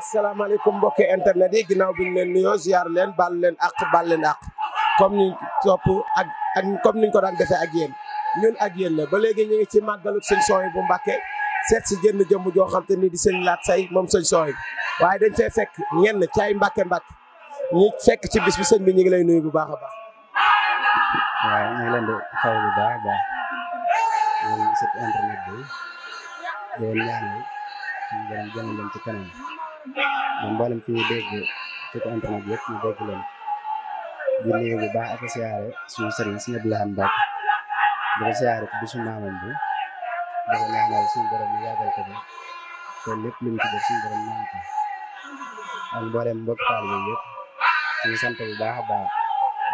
asalaamaaleykum mbokki internet yi ginnaaw bi ñu leen nuyoo ziar leen baal leen àq baal leen àq comme ni topp ak ak comme niñ ko daan defee ak yéen ñun ak yéen la ba léegi ñu ngi ci màggalu sëñ sooy bu Mbàkke seet si jënd jëmm joo xam te ni di seen laat say moom sëñ sooy waaye dañ fee fekk ñenn ci ay Mbàkke Mbàkke ñu fekk ci bis bi sëñ bi ñu ngi lay nuyu bu baax a baax. waaw ñu leen di fay bu baax a baax ñoom site di leen ñaanal ñu gën a ba mboolem fi ñu dégg ci ko internet yëpp ñu dégg leen di nuyu bu baax ak siyaare suñu sëriñ si ñëpp laxam bokk di ko siyaare ci bisu maamam bi di ko ñaanal suñu borom ñu bi te lépp lu mu ci def suñu borom ñaan ko ak mbokk taal bi yëpp ñu sant bu baax a baax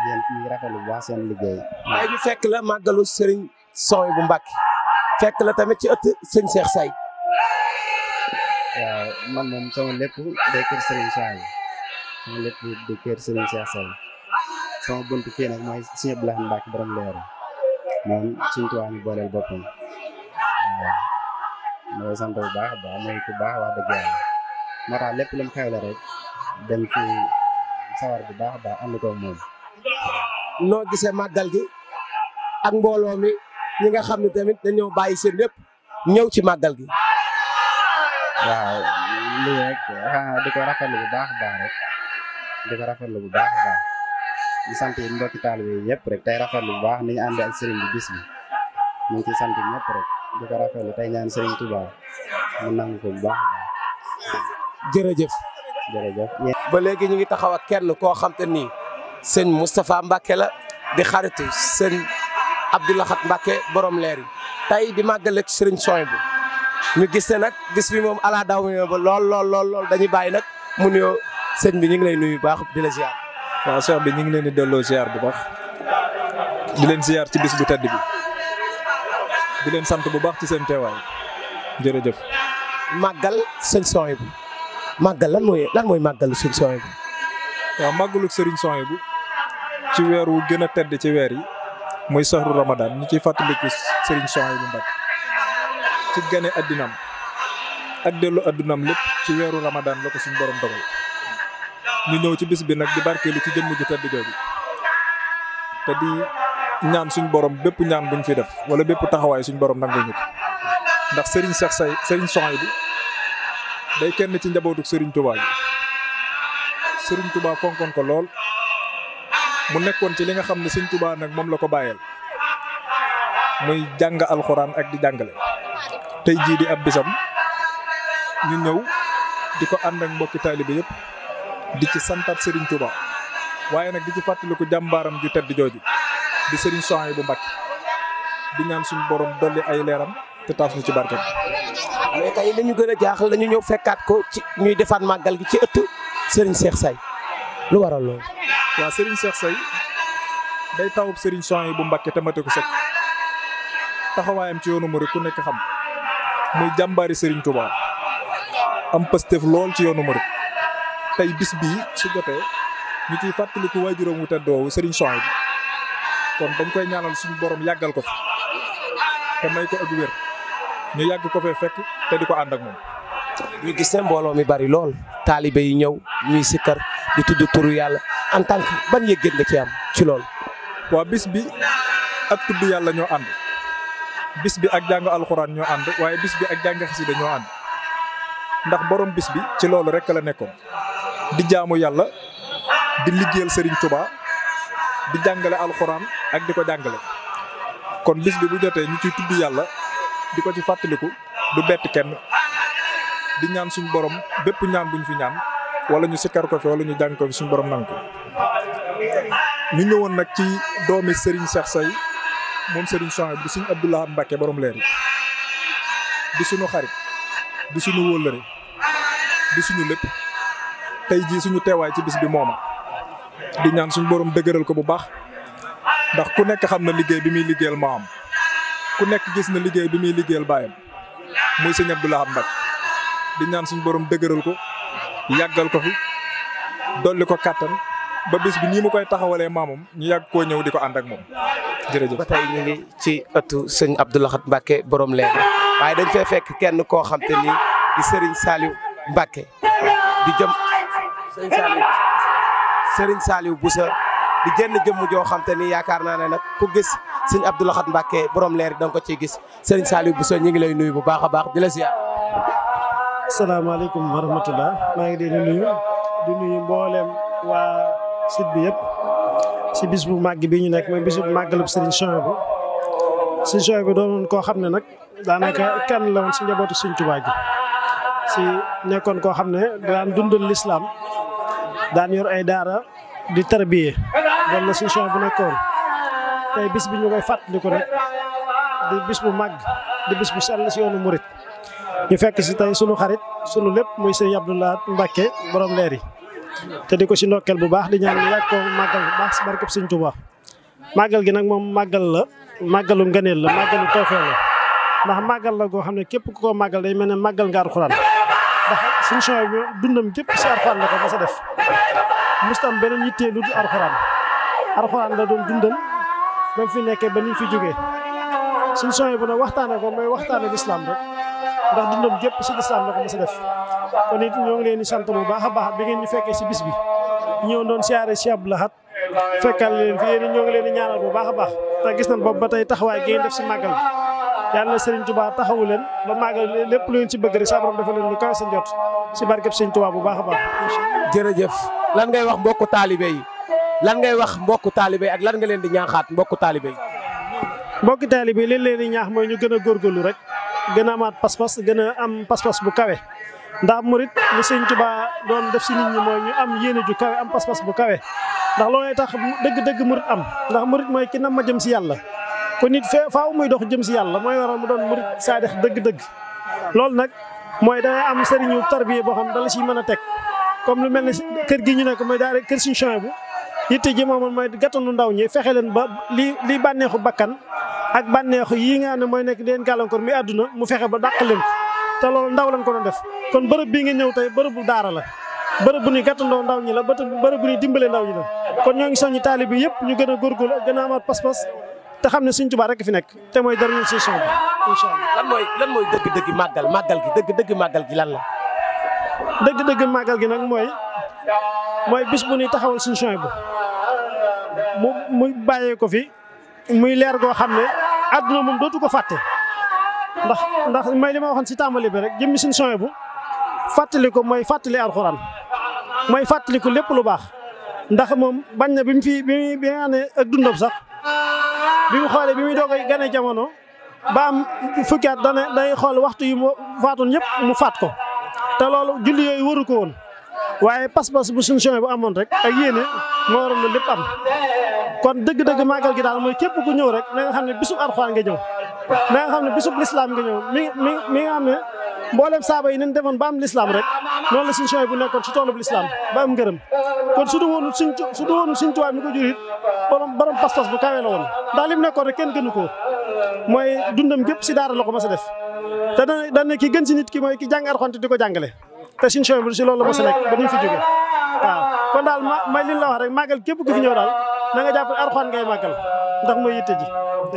yéen ñu rafetlu bu baax seen liggéey waaye fekk la màggalu sëriñ sooy bu Mbàkke fekk la tamit ci ëtt sëñ Seex Say waaw man moom sama lépp day kër Serigne Cheikh sama lépp di kër Serigne Cheikh Sall sama buntu fii nag mooy Sëñ Abdou Lahad Mbacké borom leeru moom Sëñ Tuubaa ñu booleel boppam waaw sant bu baax baax mooy ku baax wax dëgg yàlla la rek dem fi sawar bu baax baax ko moom noo gisee màggal gi ak mbooloo mi ñi nga xam ne tamit dañoo bàyyi seen lépp ñëw ci màggal gi waaw lii ah, di ko rafetlu bu baax a baax di ko rafetlu bu baax a baax di sant mbokki taalibe yi yëpp rek tey rafetlu bu baax ni ñu àndee ak sëriñ bi bis bi ñu ngi ciy sant ko rafetlu tey ñaan sëriñ Touba mu nangu ko bu baax a baax. jërëjëf. jërëjëf. ba léegi ñu ngi taxaw ak kenn koo xam te ni sëñ Moustapha Mbacke la di xaritu sëñ Abdou Lahad Mbacke borom leer yi tey di màggal ak sëriñ Soy bu ñu gis ne nag gis bi moom ala daaw ba lool lool lool lool dañuy bàyyi nag mu nuyoo sëñ bi ñu ngi lay nuyu baax di la ziar. waaw Cheikh bi ñu ngi leen di delloo ziar bu baax di leen ziar ci bis bu tedd bi di leen sant bu baax ci seen teewaay jërëjëf. màggal sëñ Sohaibou bu màggal lan mooy lan mooy màggalu sëñ Sohaibou bu waaw màggalu sëriñ Sohaibou bu ci weer wu gën a tedd ci weer yi muy soxru Ramadan ñu ciy fàttaliku sëriñ Sohaibou bu Mbacké ci gane addinam ak dellu addunam lépp ci weeru Ramadan la ko suñu borom dogal ñu ñëw ci bis bi nag di barkeelu ci jëmm ju tedd jooju te di ñaan suñu borom bépp ñaan buñ fi def wala bépp taxawaay suñu borom nag ñu ko ndax sëriñ Cheikh Say Serigne bi day kenn ci njabootu sëriñ Touba bi Serigne Touba fonkoon ko lool mu nekkoon ci li nga xam ne Serigne Touba nag moom la ko bàyyeel muy jàng alxuraan ak di jàngale. tey jii di ab bisam ñu ñëw di ko ànd ak mbokki taalibe yëpp di ci santat sëriñ Touba waaye nag di ci fàttaliku jàmbaaram ju tedd jooju di Serigne Souhaïbou Mbacké di ñaan suñu borom dolli ay leeram te taas ci barke mais tey li ñu gën a jaaxal dañu ñëw fekkaat ko ci ñuy defaat màggal gi ci ëtt sëriñ seex Say lu waral loolu. waaw Serigne Cheikh Say day tawub Serigne Souhaïbou Mbacké te mate ko sëkk taxawaayam ci yoonu Mouride ku nekk xam. muy jàmbaari Serigne Touba am pastef lool ci yoonu murid tey bis bii su jotee ñu ciy fàttaliku waajuram wu tedd woowu Serigne Souhaïb kon dañ koy ñaanal suñu borom yàggal ko fi te may ko ak wér ñu yàgg ko fee fekk te di ko ànd ak moom. ñu gis ne mbooloo mi bari lool taalibe yi ñëw ñuy sikkar di tudd turu yàlla en tant que ban yëg-yëg nga ci am ci lool. waa bis bi ak tudd yàlla ñoo ànd. bis bi ak jàng alxuraan ñoo ànd waaye bis bi ak jàng xasida ñoo ànd ndax borom bis bi ci loolu rek la nekkoon di jaamu yàlla di liggéeyal sëriñ tubaa di jàngale alxuraan ak di ko jàngale. kon bis bi bu jotee ñu ciy tudd yàlla di ko ci fàttaliku du bett kenn di ñaan suñu borom bépp ñaan buñ fi ñaan wala ñu sikkar ko fi wala ñu jàng ko fi suñu borom nangu ko ñu ñëwoon nag ci doomi Serigne Cheikh Say. moom Serigne Souhaïbou di Serigne Abdou Lahad Mbacké borom leer yi di suñu xarit di suñu wóllëre di suñu lépp tey jii suñu teewaay ci bis bi mooma di ñaan suñu borom dëgëral ko bu baax ndax ku nekk xam na liggéey bi muy liggéeyal maam ku nekk gis na liggéey bi muy liggéeyal baayam muy Serigne Abdou Lahad Mbacké di ñaan suñu borom dëgëral ko yàggal ko fi dolli ko kàttan ba bis bi nii mu koy taxawalee maamam ñu yàgg koo ñëw di ko ànd ak moom jërëjëf ba tey ñu ngi ci ëttu sëñ Abdou Lahad Mbacke borom leer waaye dañ fee fekk kenn koo xam ni di sëriñ Saliou Mbacke di jëm sëñ Saliou Serigne Saliou Boussa di jenn jëmm joo xam ni yaakaar naa ne nag ku gis sëñ Abdou Lahad Mbacke borom leer da nga ko ciy gis Serigne Saliou Boussa ñu ngi lay nuyu bu baax a baax di la ziar. salaamaaleykum wa rahmatulah maa ngi leen di nuyu di nuyu mboolem waa site bi yëpp. si bis bu màgg bi ñu nekk mooy bis bu màggalub Serigne Souhaïbou Serigne Souhaïbou doonoon koo xam ne nag daanaka kenn la woon si njabootu Serigne Touba si nekkoon koo xam ne daan dundal lislaam daan yor ay daara di tarbiyee loolu la Serigne nekkoon tey bis bi ñu koy fàttaliku nag di bis bu màgg di bis bu sell si yoonu murit ñu fekk si tey sunu xarit sunu lépp muy Serigne Abdoulaye Mbacke borom leer yi te di ko si ndokkeel bu baax di ñaan ñu yàgg ko màggal bu baax si barkeb Sëñ Tuubaa màggal gi nag moom màggal la màggalu ngëneel la màggalu toofeel la ndax màggal la goo xam ne képp ku ko màggal day mel ne màggal nga alxuraan ndax suñu sooy dundam képp si alxuraan la ko mos a def mustam beneen yittee lu dul alxuraan alxuraan la doon dundal ba fi nekkee ba ni fi jógee suñu sooy bu nag waxtaane ko mooy waxtaane lislaam rek ndax dundam gépp si lislaam la ko mos a def kon it ñoo ngi leen di sant bu baax a baax bi ngeen ñu fekkee si bis bi ñëw doon siyaare si Abdou Lahad fekkal leen fi yéen ñoo ngi leen di ñaanal bu baax a baax te gis nañ boobu ba tey taxawaay gi ngeen def si màggal yàlla na Serigne Touba taxawu leen ba màggal lépp lu leen si bëgg rek sa borom defal leen lu kawe seen jot si barkeb Serigne Touba bu baax a baax jërëjëf lan ngay wax mbokku taalibe yi lan ngay wax mbokku taalibe yi ak lan nga leen di ñaaxaat mbokku taalibe yi mbokki taalibe yi leen leen gën a góorgóorlu rek gën a amaat pas-pas gën a am pas bu kawe ndax murit li sëñ Tuubaa doon def si nit ñi mooy ñu am yéene ju kawe am pas bu kawe ndax loolay tax dëgg-dëgg murit am ndax murit mooy ki nam ma jëm si yàlla kon nit fee faaw muy dox jëm si yàlla mooy waral ma doon murit saadix dëgg-dëgg loolu nag mooy day am sëriñu tarbiye boo xam ne dala si mën a teg comme lu mel ne kër gi ñu nekk mooy daara kër suñu bu yitte ji moomoon mooy gàttanu ndaw ñi fexe leen ba li li bànneexu bakkan ak bànneexu yi nga xam ne mooy nekk deen gàllankoor mi àdduna mu fexe ba dàq leen te loolu ndaw lañ ko doon def kon bërëb bii nga ñëw tey bërëbu daara la bërëb bu ñuy gàttandoo ndaw ñi la bërëb bu ñuy dimbale ndaw ñi la kon ñoo ngi soññi taalib yi yëpp ñu gën a góorgóorlu ak gën a amaat pas-pas te xam ne Sëñ Tuubaa rek fi nekk te mooy dernier session bi incha allah lan mooy dëgg-dëgg màggal gi dëgg lan la dëgg-dëgg màggal gi nag mooy mooy bis bu ñuy taxawal Sëñ Suwaybu bu mu bàyyee ko fi muy leer goo xam ne àdduna moom dootu ko fàtte ndax ndax may li ma waxoon si tàmbali bi rek jëmmi suñu sowe bu fàttali ko mooy fàttali alxuraan mooy fàttali ko lépp lu baax ndax moom bañ na bi mu fi bi bi nga xam ne ak dundam sax bi mu xoolee bi muy doog a gane jamono ba am fukki at dana day xool waxtu yi mu faatoon yëpp mu faat ko te loolu julli yooyu waru ko woon waaye pas-pas bu suñu sowe bu amoon rek ak yéene moo waroon na lépp am kon dëgg-dëgg màggal gi daal mooy képp ku ñëw rek na xam ne bisub Alxuraan nga ñëw na xam ne bisub lislaam nga ñëw mi mi mi mboolem saaba yi nañ defoon ba am lislaam rek noonu la suñ chooy bu nekkoon ci toolub lislaam ba am ngërëm kon su du woon suñ tuwaay mi ko jur it borom bu kawe la woon daal li nekkoon rek kenn gënu ko mooy dundam gépp si daara ko mas a def te dana ki gën si nit ki mooy ki jàng Alxuraan te di ko jàngale a nekk na nga jàpp Alxuraan ngay màggal ndax mooy yitte ji waaw.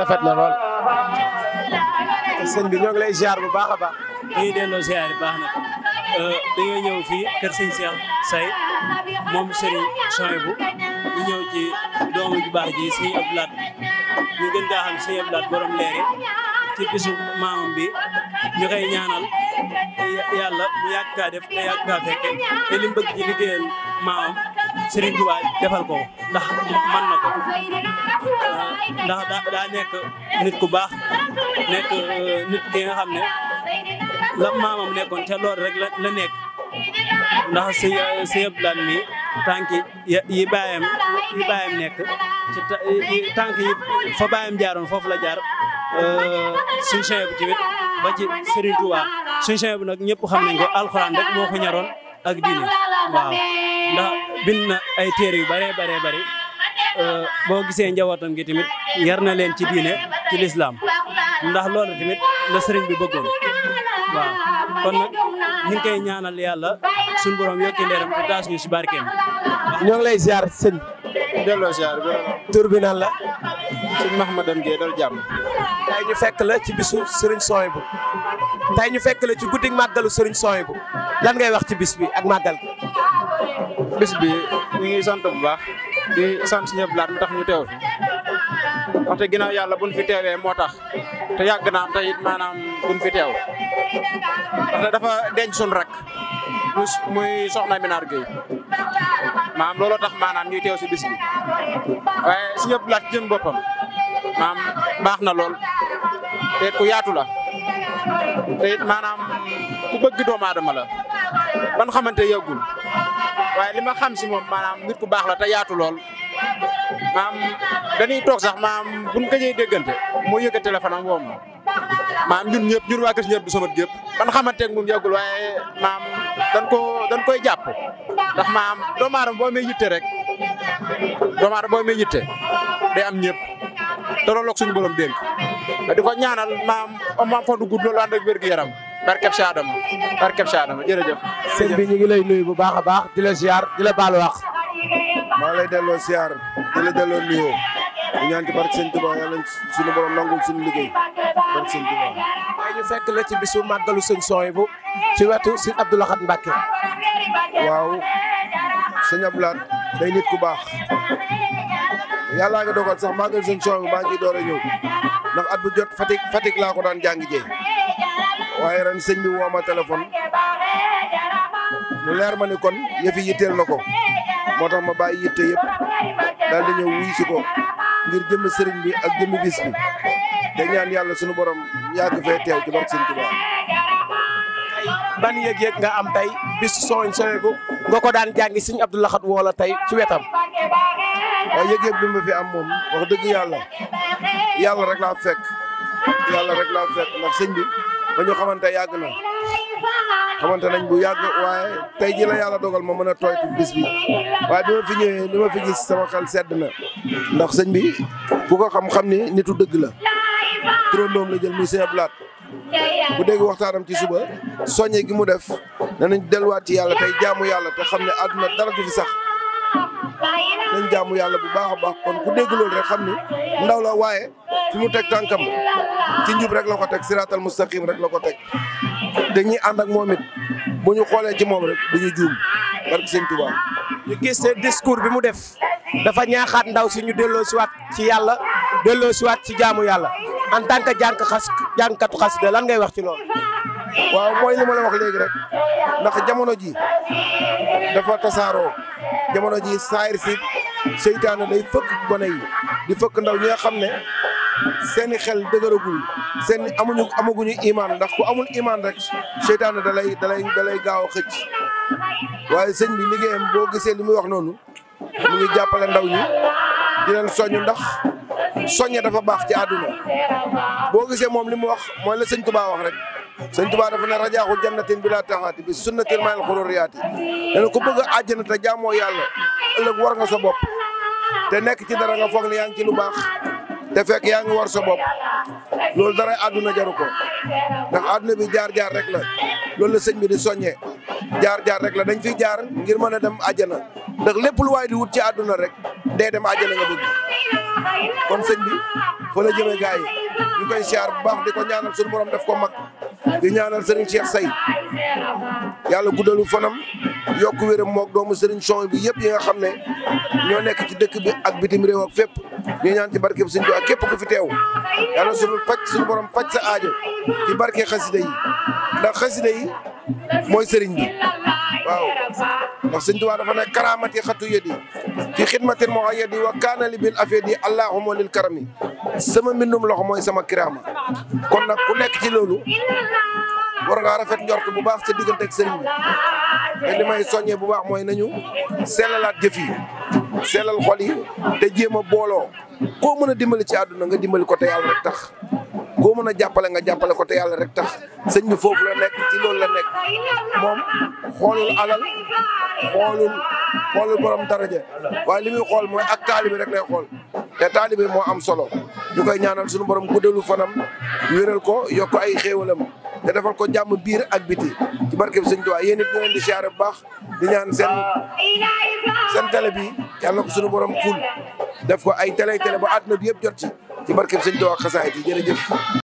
rafet na lool. sëñ bi ñoo lay ziar bu baax a baax. dañuy delloo ziar bu baax nag euh, dañoo ñëw fii kër sëñ Cheikh Say moom sëriñ Sohaibou ñu ñëw ci doomu ju baax ji sëñ Abdou Lahad ñu gën kaa xam sëñ Abdou Lahad borom leere ci bisu bi ñu ñaanal yàlla mu yàgg kaa def te yàgg kaa fekke te li mu bëgg ci liggéeyal maamam. Serigne Touba defal ko ndax man na ko ndax daa nekk nit ku baax nekk euh, nit nga xam ne la nekkoon ca lool rek la nekk ndax si euh, si yëpp lan mi yi baayam yi nekk ci tànk yi fa baayam jaaroon foofu la jaar euh, suñ cheikh bi tamit ba ci Serigne Touba suñ cheikh bi nag ñëpp xam nañ ko alxuraan rek moo ko ñaroon ak diine waaw ndax bind na ay téere yu bëree bëree bëri euh, boo gisee njabootam gi tamit yar na leen ci diine ci lislaam ndax loolu tamit la sëriñ bi bëggoon waaw kon nag ñu ngi koy ñaanal yàlla suñu borom yokki leeram te taas ñu si barkeem ñoo ngi lay ziar sëñ delloo ziar bi la sëñ Mahmadan Gueye dal jàmm ñu fekk la ci bisu sëriñ Souhaibou tey ñu fekk la ci guddi màggalu sëriñ Souhaibou lan ngay wax ci bis ak màggal bis bi ñu sant bu baax di sant suñu blaat mu tax ñu teew fi waxte ginnaaw yàlla buñ fi teewee moo tax te yàgg naa te it maanaam buñ fi teew ndaxte dafa denc suñ rek muy soxna Minar Gueye maam looloo tax maanaam ñuy teew si bis waaye suñu blaat jën boppam maam baax na lool te ku yaatu la te it maanaam ku bëgg doomu aadama la ban xamante yàggul waaye li ma xam si moom maanaam nit ku baax la te yaatu lool maam dañuy toog sax maam buñ ko ñuy déggante moo yëkkat téléphone am woom maam ñun ñëpp ñun waa kër ñëpp du somat gépp maam dañ ko dañ koy jàpp ndax maam doomu aadama boo yitte rek doomu aadama boo yitte day am ñëpp te loolu ak suñu borom dénk di ko ñaanal maam am maam fa du gudd loolu ànd ak wér yaram barkeb si Adama barkeb si Adama jërëjëf. sëñ bi ñu ngi lay nuyu bu baax a baax di la ziar di la baal wax. maa lay delloo ziar di la delloo nuyoo di ñaan ci barke sëñ Tuubaa yàlla suñu borom nangul suñu liggéey barke sëñ Tuubaa. waaye ñu fekk la ci bisu màggalu sëñ Souhaïbou ci wetu sëñ Abdou Lahad Mbacké. waaw sëñ Abdou Lahad day nit ku baax. yàllaa nga dogal sax màggalu sëñ Souhaïbou maa ngi door a ñëw ndax at bu jot Fatick Fatick laa ko daan jàng jee. waaye ren sëñ bi woo ma téléphone mu leer ma ni kon yëfi yitteel ko moo tax ma bàyyi di ñëw wuy si jëmm sëriñ bi ak jëmmi bis bi da yàlla sunu borom yàgg fee teew ci barke sëñ Tuubaa ban am tey bis sooñ soñeeku nga ko daan jàngi sëñ Abdou Lahad wala tey ci wetam waaw yëg ma fi am moom yàlla yàlla rek laa fekk yàlla rek laa fekk ndax sëñ bi ba ñu xamante yàgg na xamante nañ bu yàgg waaye tey ji la yàlla dogal ma mën a tooytu bis bi waaye bi ma fi ñëwee li ma fi gis sama xel sedd na ndax sëñ bi ku ko xam-xam ni nitu dëgg la turandoom la jël muy sëñ Ablaat bu dégg waxtaanam ci suba soññe gi mu def danañ delluwaat ci yàlla tey jaamu yàlla te xam ne àdduna dara du fi sax nañ jaamu yàlla bu baax a baax kon ku dégg loolu rek xam ni ndaw la waaye fi mu teg tànkam ci njub rek la ko teg siraatal mustaqim rek loo ko teg dañuy ànd ak moom it bu ñu xoolee ci moom rek dañuy juum barke sëñ Tuubaa ñu gis seen discours bi mu def dafa ñaaxaat ndaw si ñu delloo siwaat ci yàlla delloo siwaat ci jaamu yàlla en tant que jànk xas jànkatu lan ngay wax ci loolu waaw mooy li ma la wax léegi rek ndax jamono ji dafa jamono ji saayir si seytaane day fëkk gone yi di fëkk ndaw ñi nga xam ne seeni xel dëgëragul seen amuñu amaguñu imaan ndax ku amul imaan rek seytaane da lay da gaaw a xëcc waaye sëñ bi liggéeyam boo gisee li muy wax noonu mu ngi jàppale ndaw ñi di leen soññ ndax soññe dafa baax ci àdduna boo gisee moom li mu wax mooy la ko Tuubaa wax rek sëñ Tuubaa dafa ne rajaaxu jannatin bi laa taxaati bi sunnatil maayil xururiyaati dana ku bëgg a àjjana te jaamoo yàlla ëllëg war nga sa bopp te nekk ci dara nga foog ne yaa ngi ci baax te fekk yaa ngi war sa bopp loolu dara àdduna jaru ko ndax àdduna bi jaar jaar rek la loolu la sëñ bi di soññee jaar jaar rek la dañ fi jaar ngir mën a dem àjjana ndax lépp lu waaye di wut ci àdduna rek dee dem àjjana nga bëgg kon sëñ bi fa la jëmee gars yi ñu siyaar bu baax di ko ñaanal suñu def ko mag di ñaanal Serigne Cheikh Say yàlla guddalu fanam yokk wéram moog doomu Serigne Son bi yëpp yi nga xam ne ñoo nekk ci dëkk bi ak bitim réew ak fépp ñu ñaan ci barke bi Serigne képp ku fi teew yàlla suñu faj suñu borom faj sa aajo ci barke xasida yi ndax xasida mooy sëriñ bi waaw ndax sëñ waa dafa ne karaamati xatu yëdi fi xidmatin moo a yëdi wa kaana li bil afedi allahuma lil karami sama mbindum loxo mooy sama kiraama kon nag ku nekk ci loolu war ngaa rafet njort bu baax sa diggante ak sëriñ bi te li may soññee bu baax mooy nañu sellalaat jëf yi sellal xol te jéem a booloo koo mën a dimbali ci àdduna nga dimbali ko te yàlla rek tax koo mën a jàppale nga jàppale ko te yàlla rek tax sëñ bi foofu la nekk ci loolu la nekk moom xoolul alal xoolul xoolul borom daraja waaye li muy xool mooy ak taalibi rek lay xool te taalibi moo am solo ñu koy ñaanal suñu borom guddalu fanam wéral ko yokk ay xéewalam te defal ko jàmm biir ak biti ci barke bi sëñ Tuubaa yéen it ñu di siyaare bu baax di ñaan seen seen bi yàlla ko suñu borom ful def ko ay télé télé ba àdduna bi yëpp jot ci ci barkeb sëñ Tuubaa ak xasaayid yi jërëjëf